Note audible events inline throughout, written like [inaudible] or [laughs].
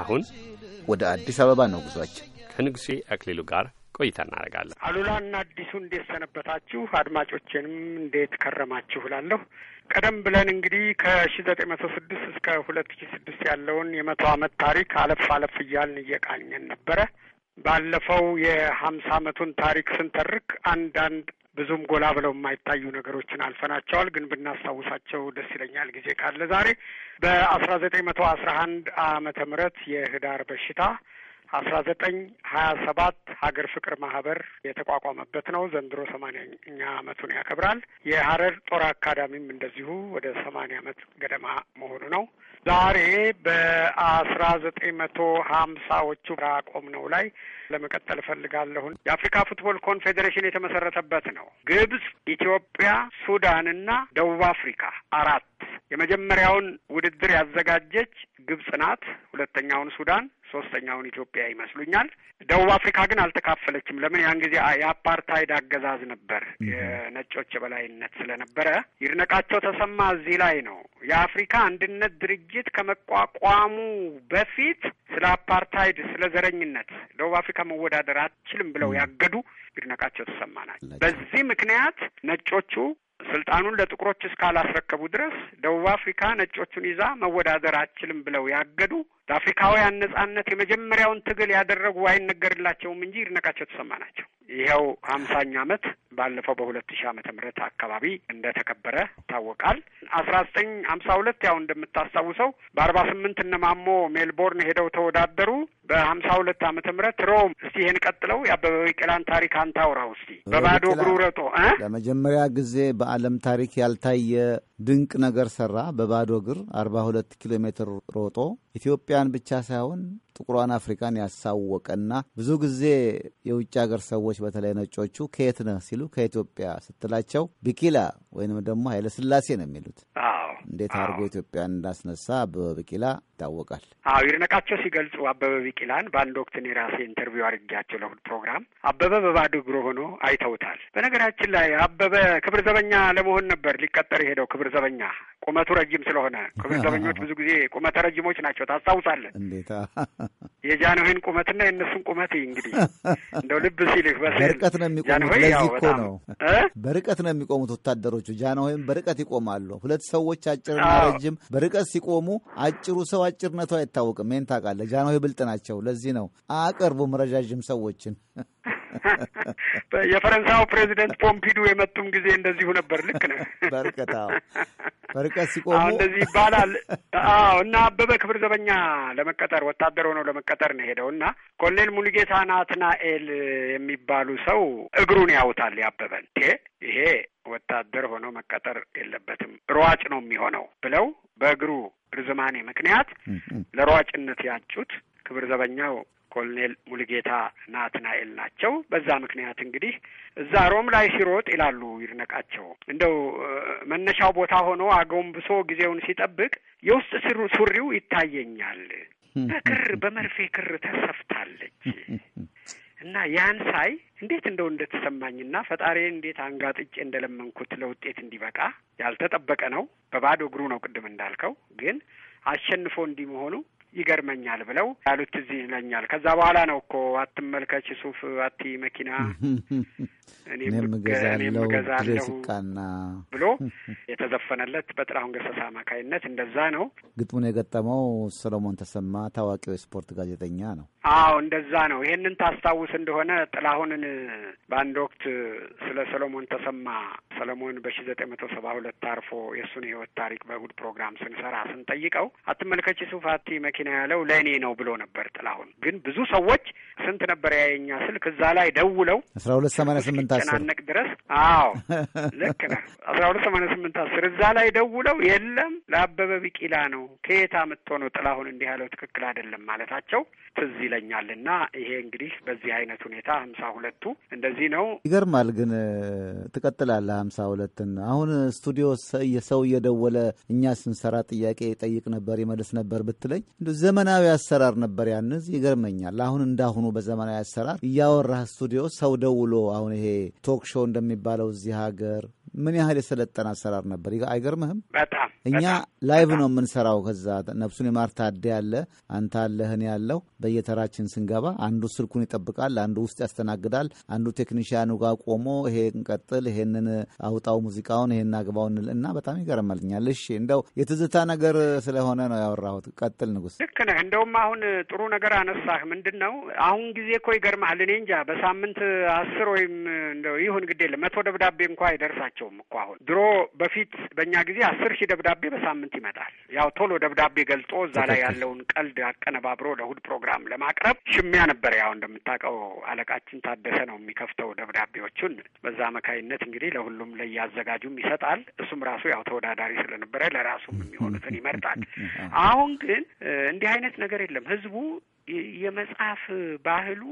አሁን ወደ አዲስ አበባ ነው ጉዟችን። ከንጉሴ አክሊሉ ጋር ቆይታ እናደርጋለን። አሉላና አዲሱ እንዴት ሰነበታችሁ? አድማጮቼንም እንዴት ከረማችሁ እላለሁ። ቀደም ብለን እንግዲህ ከሺ ዘጠኝ መቶ ስድስት እስከ ሁለት ሺ ስድስት ያለውን የመቶ አመት ታሪክ አለፍ አለፍ እያልን እየቃኘን ነበረ። ባለፈው የሀምሳ ዓመቱን ታሪክ ስንተርክ አንዳንድ ብዙም ጎላ ብለው የማይታዩ ነገሮችን አልፈናቸዋል። ግን ብናስታውሳቸው ደስ ይለኛል ጊዜ ካለ ዛሬ በአስራ ዘጠኝ መቶ አስራ አንድ አመተ ምህረት የህዳር በሽታ አስራ ዘጠኝ ሀያ ሰባት ሀገር ፍቅር ማህበር የተቋቋመበት ነው። ዘንድሮ ሰማንያኛ አመቱን ያከብራል። የሀረር ጦር አካዳሚም እንደዚሁ ወደ ሰማንያ ዓመት ገደማ መሆኑ ነው። ዛሬ በአስራ ዘጠኝ መቶ ሀምሳዎቹ ራቆም ነው ላይ ለመቀጠል እፈልጋለሁን የአፍሪካ ፉትቦል ኮንፌዴሬሽን የተመሰረተበት ነው። ግብጽ፣ ኢትዮጵያ፣ ሱዳን እና ደቡብ አፍሪካ አራት የመጀመሪያውን ውድድር ያዘጋጀች ግብጽ ናት። ሁለተኛውን ሱዳን ሶስተኛውን ኢትዮጵያ ይመስሉኛል። ደቡብ አፍሪካ ግን አልተካፈለችም። ለምን? ያን ጊዜ የአፓርታይድ አገዛዝ ነበር፣ የነጮች የበላይነት ስለነበረ። ይድነቃቸው ተሰማ እዚህ ላይ ነው የአፍሪካ አንድነት ድርጅት ከመቋቋሙ በፊት ስለ አፓርታይድ፣ ስለ ዘረኝነት ደቡብ አፍሪካ መወዳደር አትችልም ብለው ያገዱ ይድነቃቸው ተሰማ ናቸው። በዚህ ምክንያት ነጮቹ ስልጣኑን ለጥቁሮች እስካላስረከቡ ድረስ ደቡብ አፍሪካ ነጮቹን ይዛ መወዳደር አችልም ብለው ያገዱ ለአፍሪካውያን ነጻነት የመጀመሪያውን ትግል ያደረጉ አይነገርላቸውም እንጂ ይድነቃቸው ተሰማ ናቸው። ይኸው ሀምሳኛ ዓመት ባለፈው በሁለት ሺህ ዓመተ ምህረት አካባቢ እንደተከበረ ይታወቃል። አስራ ዘጠኝ ሀምሳ ሁለት ያው እንደምታስታውሰው በአርባ ስምንት እነማሞ ሜልቦርን ሄደው ተወዳደሩ። በሀምሳ ሁለት ዓመተ ምህረት ሮም። እስቲ ይሄን ቀጥለው የአበበ ቢቂላን ታሪክ አንታውራው እስቲ በባዶ እግሩ ረጦ ለመጀመሪያ ጊዜ በዓለም ታሪክ ያልታየ ድንቅ ነገር ሰራ። በባዶ እግር አርባ ሁለት ኪሎ ሜትር ሮጦ ኢትዮጵያን ብቻ ሳይሆን ጥቁሯን አፍሪካን ያሳወቀና ብዙ ጊዜ የውጭ ሀገር ሰዎች በተለይ ነጮቹ ከየት ነህ ሲሉ ከኢትዮጵያ ስትላቸው ቢቂላ ወይንም ደግሞ ኃይለስላሴ ነው የሚሉት። እንዴት አድርጎ ኢትዮጵያን እንዳስነሳ አበበ ቢቂላ ይታወቃል። አዎ ይድነቃቸው ሲገልጹ አበበ ቢቂላን በአንድ ወቅት እኔ ራሴ ኢንተርቪው አድርጌያቸው ለእሑድ ፕሮግራም አበበ በባዶ እግሩ ሆኖ አይተውታል። በነገራችን ላይ አበበ ክብር ዘበኛ ለመሆን ነበር ሊቀጠር የሄደው። ክብር ዘበኛ ቁመቱ ረጅም ስለሆነ ክብር [laughs] ዘበኞች ብዙ ጊዜ ቁመተ ረጅሞች ናቸው። ታስታውሳለን? እንዴታ የጃንሆይን ቁመትና የእነሱን ቁመት እንግዲህ [laughs] እንደው ልብ ሲልህ በርቀት ነው የሚቆሙት። ለዚህ እኮ ነው በርቀት ነው የሚቆሙት ወታደሮቹ። ጃንሆይም በርቀት ይቆማሉ። ሁለት ሰዎች አጭርና ረጅም በርቀት ሲቆሙ አጭሩ ሰው አጭርነቱ አይታወቅም። ይህን ታውቃለህ። ጃንሆይ ብልጥ ናቸው። ለዚህ ነው አቀርቡም ረዣዥም ሰዎችን [laughs] [laughs] የፈረንሳው ፕሬዚደንት ፖምፒዱ የመጡም ጊዜ እንደዚሁ ነበር። ልክ ነህ። በርቀት አዎ፣ በርቀት ሲቆሙ እንደዚህ ይባላል። አዎ። እና አበበ ክብር ዘበኛ ለመቀጠር ወታደር ሆነው ለመቀጠር ነው ሄደው እና ኮሎኔል ሙሉጌታ ናትናኤል የሚባሉ ሰው እግሩን ያውታል ያበበን ይሄ ወታደር ሆኖ መቀጠር የለበትም ሯጭ ነው የሚሆነው ብለው በእግሩ ርዝማኔ ምክንያት ለሯጭነት ያጩት። ክብር ዘበኛው ኮሎኔል ሙልጌታ ናትናኤል ናቸው። በዛ ምክንያት እንግዲህ እዛ ሮም ላይ ሲሮጥ ይላሉ ይድነቃቸው እንደው መነሻው ቦታ ሆኖ አጎንብሶ ጊዜውን ሲጠብቅ የውስጥ ስሩ ሱሪው ይታየኛል በክር በመርፌ ክር ተሰፍታለች እና ያን ሳይ እንዴት እንደው እንደተሰማኝና ፈጣሪ እንዴት አንጋጥጬ እንደለመንኩት ለውጤት እንዲበቃ ያልተጠበቀ ነው። በባዶ እግሩ ነው ቅድም እንዳልከው ግን አሸንፎ እንዲህ መሆኑ ይገርመኛል ብለው ያሉት ትዝ ይለኛል። ከዛ በኋላ ነው እኮ አትመልከች ሱፍ አቲ መኪና [laughs] እኔም እገዛለሁ [laughs] ብሎ የተዘፈነለት በጥላሁን ገሰሰ አማካይነት እንደዛ ነው። ግጥሙን የገጠመው ሰሎሞን ተሰማ ታዋቂው የስፖርት ጋዜጠኛ ነው። አዎ እንደዛ ነው። ይሄንን ታስታውስ እንደሆነ ጥላሁንን በአንድ ወቅት ስለ ሰሎሞን ተሰማ ሰሎሞን በሺ ዘጠኝ መቶ ሰባ ሁለት አርፎ የእሱን የህይወት ታሪክ በእሑድ ፕሮግራም ስንሰራ ስንጠይቀው አትመልከች ሱፍ አቲ መኪና ያለው ለእኔ ነው ብሎ ነበር ጥላሁን። ግን ብዙ ሰዎች ስንት ነበር ያየኛ ስልክ እዛ ላይ ደውለው አስራ ሁለት ሰማንያ ስምንት አስር ጨናነቅ ድረስ አዎ ልክ ነህ። አስራ ሁለት ሰማንያ ስምንት አስር እዛ ላይ ደውለው የለም ለአበበ ቢቂላ ነው ከየት አምጥቶ ነው ጥላሁን እንዲህ ያለው ትክክል አይደለም ማለታቸው ትዝ ይለኛል። እና ይሄ እንግዲህ በዚህ አይነት ሁኔታ ሀምሳ ሁለቱ እንደዚህ ነው። ይገርማል። ግን ትቀጥላለህ ሀምሳ ሁለትን አሁን ስቱዲዮ ሰው እየደወለ እኛ ስንሰራ ጥያቄ ጠይቅ ነበር ይመልስ ነበር ብትለኝ ዘመናዊ አሰራር ነበር ያንዝ ይገርመኛል። አሁን እንዳሁኑ በዘመናዊ አሰራር እያወራህ ስቱዲዮ ሰው ደውሎ አሁን ይሄ ቶክ ሾው እንደሚባለው እዚህ ሀገር ምን ያህል የሰለጠነ አሰራር ነበር አይገርምህም? በጣም እኛ ላይቭ ነው የምንሰራው። ከዛ ነፍሱን የማር ታዴ ያለ አንተ አለህን ያለው በየተራችን ስንገባ አንዱ ስልኩን ይጠብቃል፣ አንዱ ውስጥ ያስተናግዳል፣ አንዱ ቴክኒሽያኑ ጋር ቆሞ ይሄ እንቀጥል፣ ይሄንን አውጣው፣ ሙዚቃውን ይሄን አግባው እንል እና በጣም ይገርመልኛል። እሺ እንደው የትዝታ ነገር ስለሆነ ነው ያወራሁት። ቀጥል ንጉስ። ልክ ነህ። እንደውም አሁን ጥሩ ነገር አነሳህ። ምንድን ነው አሁን ጊዜ እኮ ይገርመሃል። እኔ እንጃ በሳምንት አስር ወይም እንደው ይሁን ግዴለ መቶ ደብዳቤ እንኳ አይደርሳቸውም እኮ አሁን ድሮ በፊት በእኛ ጊዜ አስር ሺህ ደብዳቤ ደብዳቤ በሳምንት ይመጣል። ያው ቶሎ ደብዳቤ ገልጦ እዛ ላይ ያለውን ቀልድ አቀነባብሮ ለሁድ ፕሮግራም ለማቅረብ ሽሚያ ነበር። ያው እንደምታውቀው አለቃችን ታደሰ ነው የሚከፍተው ደብዳቤዎቹን። በዛ አመካይነት እንግዲህ ለሁሉም ለያዘጋጁም ይሰጣል። እሱም ራሱ ያው ተወዳዳሪ ስለነበረ ለራሱም የሚሆኑትን ይመርጣል። [laughs] አሁን ግን እንዲህ አይነት ነገር የለም። ህዝቡ የመጽሐፍ ባህሉ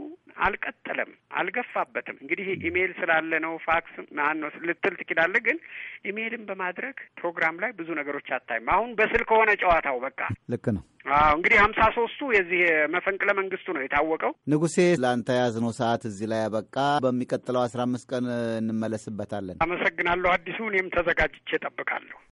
አልቀጠለም፣ አልገፋበትም። እንግዲህ ኢሜይል ስላለ ነው ፋክስ ማን ልትል ትችላለህ። ግን ኢሜይልን በማድረግ ፕሮግራም ላይ ብዙ ነገሮች አታይም። አሁን በስልክ ሆነ ጨዋታው በቃ ልክ ነው። አዎ እንግዲህ ሀምሳ ሶስቱ የዚህ መፈንቅለ መንግስቱ ነው የታወቀው። ንጉሴ ለአንተ የያዝነው ሰዓት እዚህ ላይ ያበቃ። በሚቀጥለው አስራ አምስት ቀን እንመለስበታለን። አመሰግናለሁ አዲሱ። እኔም ተዘጋጅቼ ጠብቃለሁ።